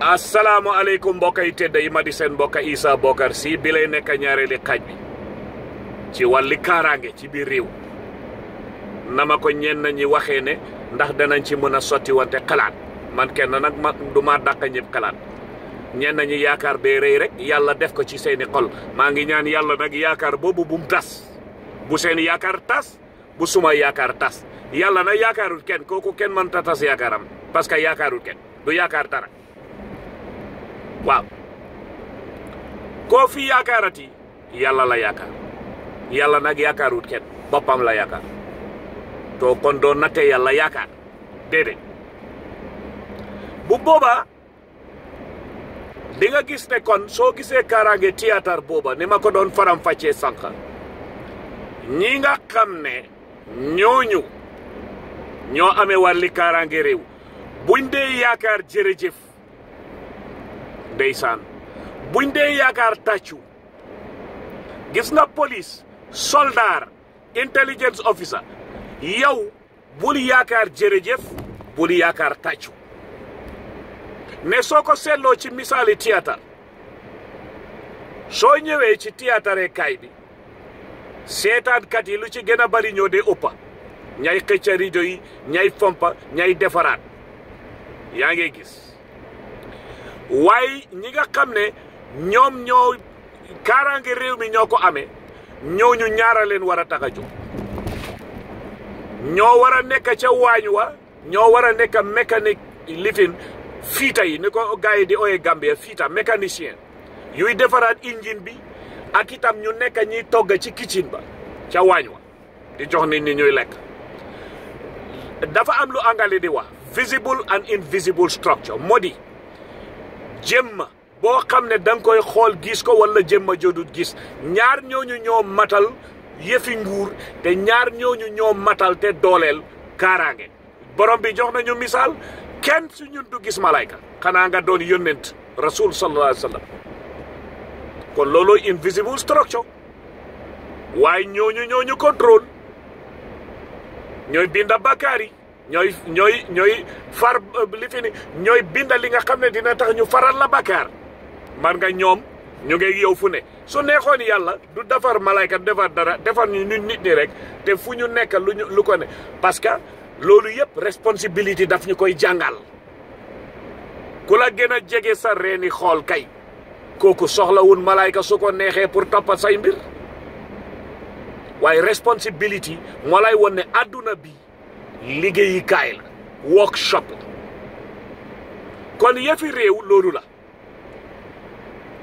Assalamualaikum mbokk yi tedd yi sen di isa bokar si Bokarr bi lay bi ci walli karange ci bi rew nama ko ñen ñi waxe ne ndax danañ ci mëna soti wante xalaat man kenn nak ma duma dakk ñep xalaat ñen ñi yaakar bee reey rek yalla def ko ci seeni xol ma ngi ñaan yalla nak yaakar bobu bu tas bu seen yaakar tas bu suma yaakar tas yalla na yaakarul kenn koku kenn man ta tas yaakaram parce que yaakarul kenn du yaakar tara waaw koo yaakaarati yàlla la yaakaar yàlla nag yaakaarut kenn boppam la yaakaar to kon doon natte yàlla yaakaar déedéet bu boobaa di nga gis ne kon soo gisee kaaraange théâtre booba ne ma ko doon faram-fàccee sànq ñi nga xam ne ñooñu ñoo ame wàlli kaaraange réew buñ dee yaakaar jërëjëf ndeysaan buñ dee yaakaar tàccu gis nga polis soldat intelligence officer yow bul yaakaar jërëjëf bul yaakaar tàccu ne soo ko seetloo ci misaali théâtre soo ñëwee ci théâtre kaay bi seetaankat yi lu ci gën a bari ñoo dee ëppa ñay xëcca rido yi ñay fompa ñay defaraat yaa ngi gis waaye ñi nga xam ne ñoom ñoo kaaraange réew mi ñoo ko amee ñooñu ñaara leen war a tax a jóg ñoo war a nekk ca waañ wa ñoo war a nekk mécanique lifin fiita yi ni ko gars yi di ooyee Gambia fiita mécanicien yuy defaraat engine bi ak itam ñu nekk ñiy togg ci kitchen ba ca waañ wa di jox nit ñi ñuy lekk dafa am lu angale di wax visible and invisible structure moo di jëmma boo xam ne danga koy xool gis ko wala jëmma jodut gis ñaar ñu ñoo matal yëfi nguur te ñaar ñu ñoo matal te dooleel kaaraange borom bi jox nañu misaal kenn su ñun du gis malayka xanaa nga doon yónnent rasul sallallahu alayhi wa sallam kon loolu invisible structure waaye ñooñu ñooñu contrôle ñooy binda bakkaar yi ñoy ñoy ñoy far euh, li fini ñoy bindal li nga xamne dina tax ñu faral la bakar man nga ñom ñu ngi yow fu ne su neexoon yàlla du defar malaika defar dara defar ñu ñun nit ni rek te fu ñu nekk lu ñu lu ko ne parce que loolu yépp responsibility daf ñu koy jàngal ku la gën a jege sa reeni xool kay kooku soxlawun malaika su ko neexee pour toppat say mbir waaye responsibility moo lay won ne bi liggéeyukaay la workshop kon yëfi réew loolu la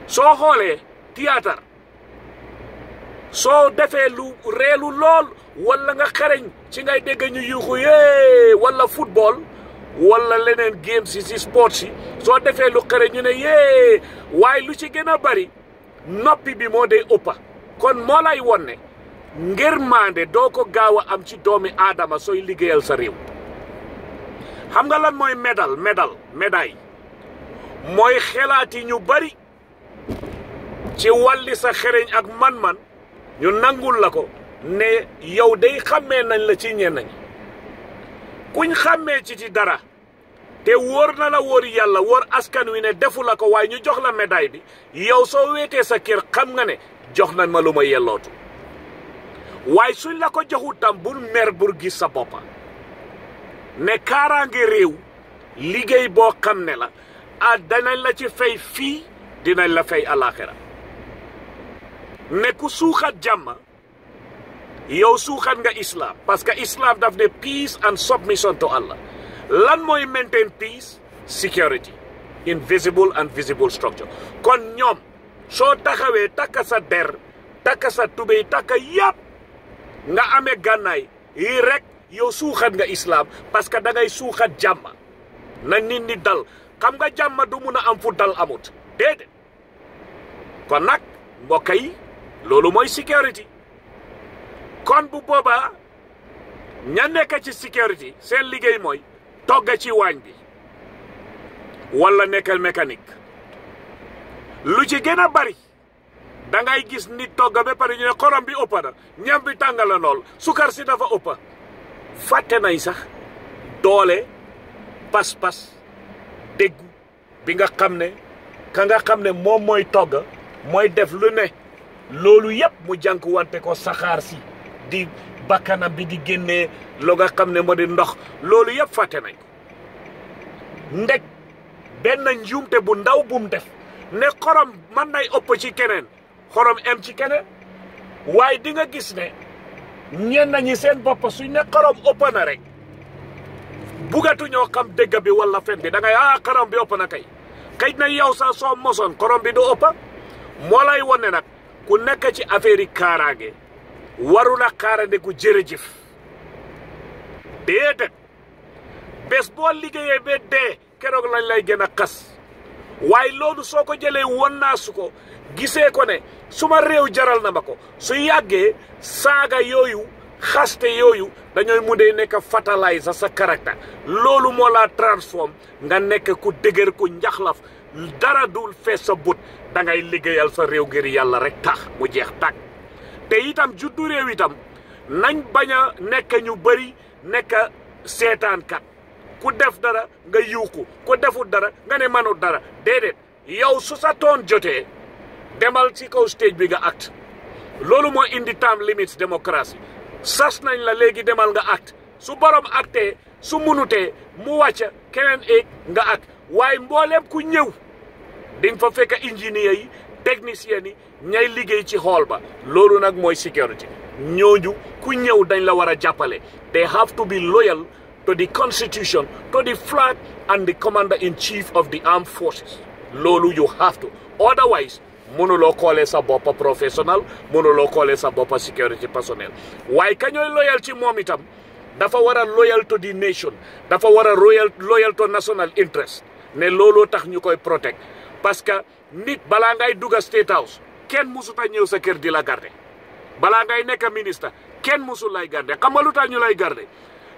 soo xoolee théâtre soo defee lu reelu lool wala nga xereñ ci ngay dégg ñu yuuxu yee walla football wala leneen game yi si sport si soo defee lu xereñ ñu ne yee waaye lu ci gën a bari noppi bi moo dee ëppa kon moo lay won ngir maande doo ko gaaw a am ci doomi aadama sooy liggéeyal sa réew xam nga lan mooy médal médal médaille mooy xelaat yi ñu bari ci wàlli sa xereñ ak man-man ñu nangul la ko ne yow day xàmmee nañ la ci ñenn ñi kuñ xàmmee ci ci dara te wóor na la wóor yàlla wóor askan wi ne defu la ko waaye ñu jox la médaille bi yow soo weetee sa kër xam nga ne jox nañ ma lu ma yellootu waaye suñ la ko joxut tam bul mer bul gis sa boppa ne kaaraange réew liggéey boo xam ne la ah danañ la ci fay fii dinañ la fay alaxira ne ku suuxat jàmm yow suuxat nga islam parce que islam daf ne peace and submission to Allah lan mooy maintain peace security invisible and visible structure kon ñoom soo taxawee takka sa der takka sa tubéy takka yàpp nga ame ganay irek rek yow suuxat nga islam parce que da ngay suuxat jàmm na nit ñi dal xam nga jàmm du mun a am fu dal amut dede kon nak mbokay lolu moy security kon bu boba ña nek ci security sen liggéey moy togg ci wañ bi wala nekkal mécanique lu ci gëna bari da ngay gis nit togga ba pare ñu ne xorom bi ëppa na ñam bi tàng la lool sukar si dafa ëppa fàtte nay sax doole pas-pas déggu bi nga xam ne ka nga xam ne moom mooy togga mooy def lu ne loolu yëpp mu jànk wante ko saxaar si di bakkanam bi di génnee lu nga xam ne moo di ndox loolu yëpp fàtte nañ ko ndeg benn njuumte bu ndaw bum def ne xorom mën nay ëpp ci keneen xorom em ci keneen waaye di nga gis ne ñenn ñi seen bopp suñ ne xorom ëpp na rek bugatuñoo xam dëgg bi wala fen bi dangay ngay ah xorom bi ëpp na kay xëj na yow sax soo mosoon xorom bi du ëpp moo lay wone nag ku nekk ci affaire yi kaaraange waru la kaaraange ku jërëjëf déedéet bés boo liggéeyee ba dee keroog lañ lay gën a xas. waaye loolu soo ko jëlee won naa su ko gisee ko ne suma réew jaral na ma ko su yàggee saaga yooyu xaste yooyu dañooy mu dee nekk fatalaay sa sa caractère loolu moo laa transforme nga nekk ku dëgër ku njaxlaf dara dul fees sa but da ngay liggéeyal sa réew ngir yàlla rek tax mu jeex tàkk te itam juddu réew itam nañ bañ a nekk ñu bëri nekk seetaankat ku def dara nga yuuku ku defut dara nga ne manut dara déedéet yow su sa toon jotee demal ci kaw stage bi nga acte loolu moo indi term limits démocratie sas nañ la léegi demal nga acte su borom actee su munutee mu wàcc keneen eeg nga acte waaye mbooleem ku ñëw di nga fa fekk ingénieur yi technicien yi ñay liggéey ci xool ba loolu nag mooy sécurité ñooñu ku ñëw dañ la war a jàppale they have to loyal to the constitution, to the flag, and the commander-in-chief of the armed forces. Lolo, you have to. Otherwise, mënuloo koolee sa boppa professionnel mënuloo koolee sa boppa security personnel waaye ka ñooy loyal ci moom itam dafa war a loyal to the nation dafa war a royal loyal to national interest ne looloo tax ñu koy protect parce que nit balaa ngay dugg state house kenn musu a ñëw sa kër di la garde balaa ngay nekk ministre kenn musul lay garde xam nga lu tax ñu lay garde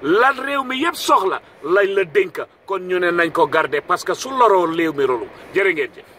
lan réew mi yëpp soxla lañ la dénk kon ñu ne nañ ko garde parce que su loroo réew mi rolu jërë ngeen jëf